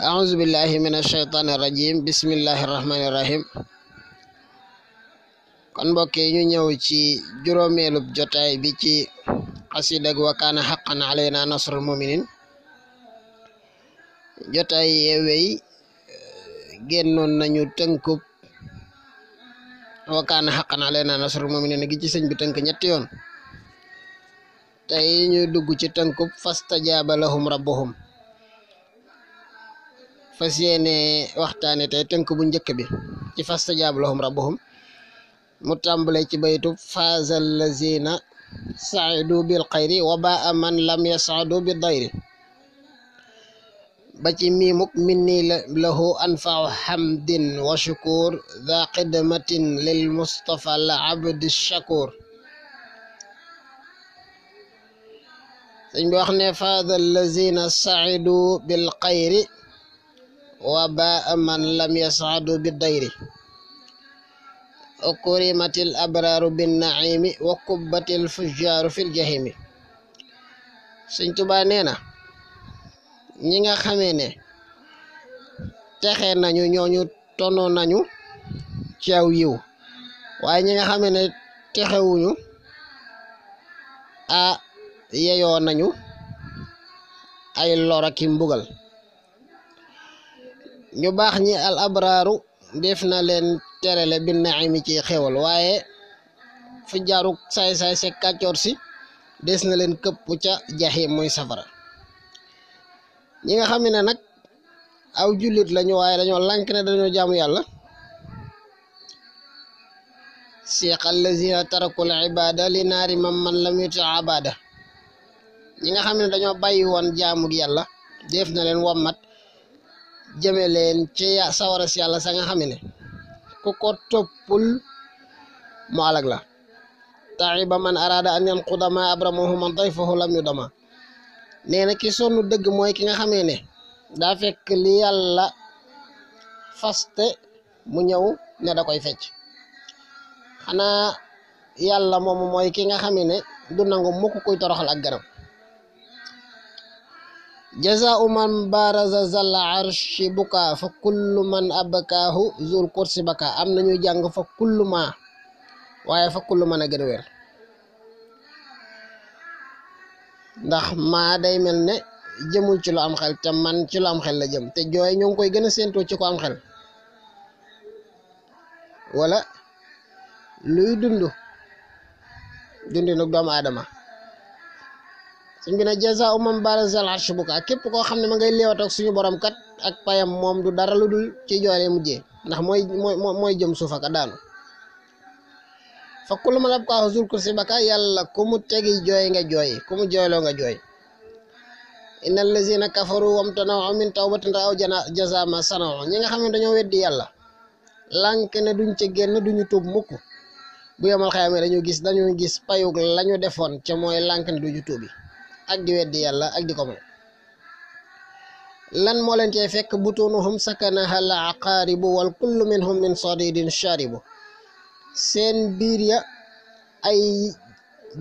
أعوذ بالله من الشيطان الرجيم بسم الله الرحمن الرحيم kon mbokk yi ñu ñëw ci juróomeelub jotaay bi ci xasida gu wa kaana xaqan alayna nasrul muminin jotaay yeewey génnoon nañu tënkub wa kaana xaqan alayna nasrul muminin gi ci sëñ bi tënk ñetti yoon te ñu dugg ci tënkub fastajaaba lahum rabbuhum fasiyene waxtane tay tank bu njëkk bi ci fastajab lahum rabbuhum mu tàmbale ci baytu fazal lazina sa'idu bil khairi wa baa man lam yas'adu bi dayri ba ci mimuk minni lahu anfa hamdin wa shukur dha qidmatin lil mustafa al abdi shakur dañ bi wax ne faaza allazina saadu bil xayri waa baa man lam yas'adu bi dayri أكرمت الأبرار بالنعيم وكبت الفجار في الجحيم Sëñ Tuubaa nee na ñi nga xamee ne texe nañu ñooñu tono nañu ci aw yiw waaye ñi nga xamee ne texewuñu a ah, yeyoo nañu ay lor ak i ñu bax ñi al abraru def na leen terele bin naimi ci xewal waaye fi jaaruk say say se kàccoor si des na leen këpp ca jaxim moy safara ñi nga xam nak aw julit lañu waye dañu lank ne dañu jaamu allazina tarakul ibada li man man lam ñi nga xam dañu bayyi won jaamu yalla def na len wommat jëme leen ci sawara ci yalla sa nga xam ku ko topul malak la taiba man arada an yanquda ma abramahu man dayfahu lam yudama neena ki sonu deug moy ki nga xamee da fek li yalla faste mu ñew ne da koy fecc xana yalla mom moy ki nga du nangum moko koy toroxal ak garam جزاء من بارز زل عرش بكى فكل من أبكاه ذو القرص بكى am nañu jàng fa kullu ma waaye fa kullu man a gën a wér ndax ma day mel ne jëmul ci lu am xel te man ci lu am xel la jëm te jooy ñoo ngi koy gën a séentoo ci ko am xel wala luy dund dundinu doomu aadama suñ bi ne jaza umam barazal arshbuka képp koo xam ne ma ngay leewatoog suñu borom kat ak payam moom du dara lu dul ci joolee mujjee ndax mooy mooy mooy jëm suuf ak daanu fa kullu man abqaa husul kursi baka mu tegi jooy nga jooy ku mu jooyloo nga jooy inna allazina kafaru wamtana'u min tawbatin ra'aw jazaa ma sana'u ñi nga xam ne dañoo weddi yàlla lank ne duñ ca génn duñu tuub mukk bu yemal xayamee dañu gis dañu gis payug la ñu defoon ca mooy lànk ne duñu tuubi ak di weddi yàlla ak ko moom lan moo leen cee fekk butunuhum sakanaha la aqaaribu wal kullu minhum min sadidin sharibu seen biir ya ay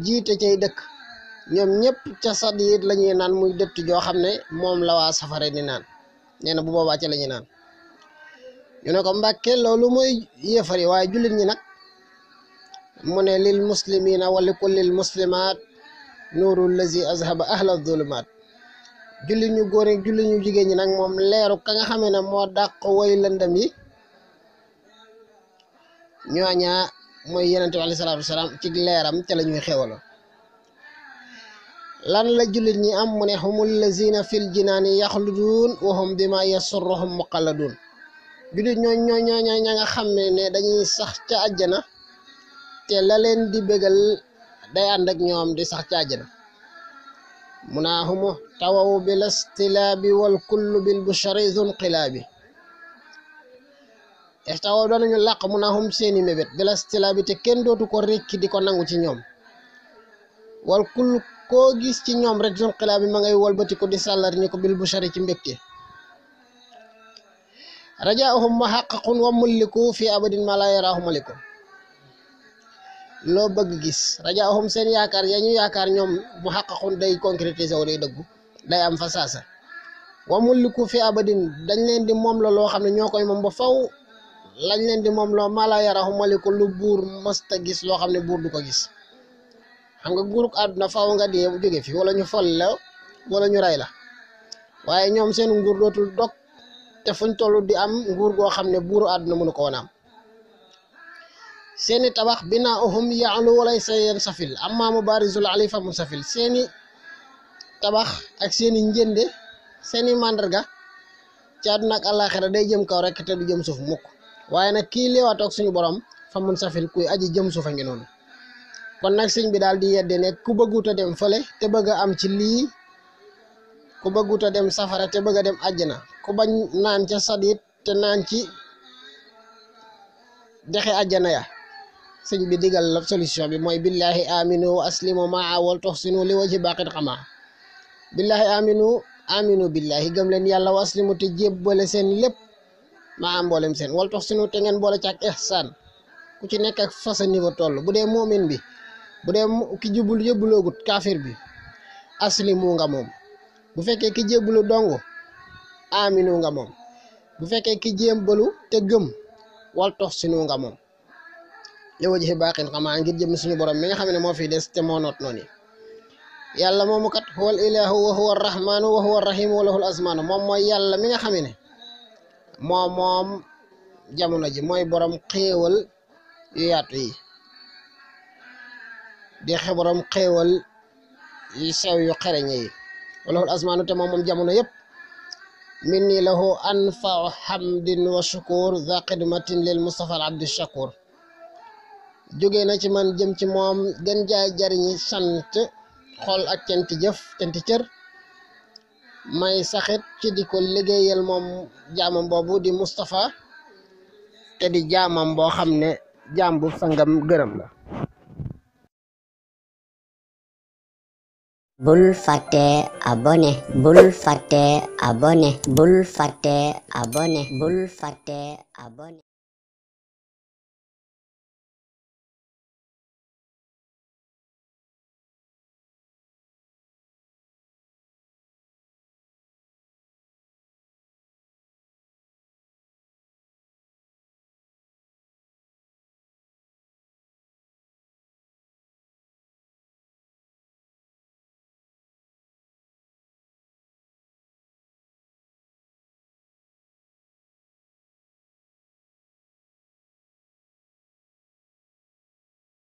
jiite cay dëkk ñoom ñëpp ca sadid la naan muy dëtt joo xam ne moom la waa safare di naan nee bu boobaa ca lañuy naan ñu ne ko mbàkke loolu mooy yéefari waaye jullit ñi nag mu ne lil muslimina wa kullil muslimaat nuuru lazi azhaba ahla zulumaat julli ñu góor yi ñu jigéen ñi nag moom leeru ka nga xamee ne moo dàq woy lëndëm yi ñooñaa mooy yenente bi alayhi salaatu wasalaam leeram ca la ñuy xewalo lan la jullit ñi am mu ne humul lazina fil jinaani yaxluduun wa hum bima yasurruhum muqalladuun jullit ñoo ñoo ñoo nga xam ne ne dañuy sax ca àjjana te la leen di bégal day ànd ak ñoom di sax ci àjjana munaahumu tawaw bil istilaabi wal kullu bil bushari zunqilaabi estawaw doonañu làq munaahum seeni mébét bil istilaabi te kenn dootu ko rekki di ko nangu ci ñoom wal kull koo gis ci ñoom rek zunqilaabi ma ngay walbatiku di sàllar ñi ko bil bushari ci mbégte rajaahum wa xaqaqun wa mulliku fi abadin ma laa yaraahu malikum lo bëgg gis raja ahum seen yaakaar ya ñu yaakaar ñoom bu xaqaxun day concrétiser wu day dëggu day am fa saasa wa fi abadin dañ leen di moom la loo xam ne ñoo koy ba faw lañ leen di moom loo mala yaraxu maliku lu buur mësta gis loo xam ne buur du ko gis xam nga guruk aduna faw nga dee jóge fi wala ñu fal la wala ñu rey la waaye ñoom seen nguur dootul dog te fuñ toll di am nguur goo xam ne buuru mënu ko seni tabax bina yaalu walay walai yeen safil amma mubarizul alifa musafil seni tabax ak seni njende seni mandarga ci nak ala àllaaxira day jëm kaw rek te du jëm suuf mukk waaye suñu borom fa safil kuy aji jëm suuf a ngi noonu kon nak sëñ bi di yedde dem fale te bëgg am ci lii ku dem safara te beug dem aljana ku bañ nan ca sadit te nan ci dexe aljana ya sëñ bi digal la solution bi mooy billahi aminu wa aslimu maa wal toxsinu li waji baqit xama billahi aminu aminu billahi gëm leen yàlla wa aslimu te jébbale seen lépp maa mboolem seen wal toxsinu te ngeen boole ci ak ku ci nekk ak fasa niveau toll bu dee moomin bi bu dee ki jubul yëbbuloogut kaafir bi aslimu nga moom bu fekkee ki jébbalu dong aminu nga moom bu fekkee ki jémbalu te gëm wal toxsinu nga moom لوجه باقي القمان جد جم سني برام من خمين ما في دس تمان أتنوني يا الله ما مكت هو الإله وهو الرحمن وهو الرحيم وله الأزمان ما ما يا الله من خمين ما ما جمونا جم ما يبرام قيول ياتي دي خبرام قيول يساوي قرنية وله الأزمان تمام ما جمونا يب مني له أنفع حمد وشكر ذا قدمة للمصطفى العبد الشكور jóge na ci man jëm ci moom gën jaay jariñi sant xol ak centi jëf centi cër may saxit ci di ko liggéeyal moom jaamam boobu di Moustapha te di jaamam boo xam ne jaam bu sangam gërëm la bul fàtte abonné bul fàtte abonné bul fàtte abonné bul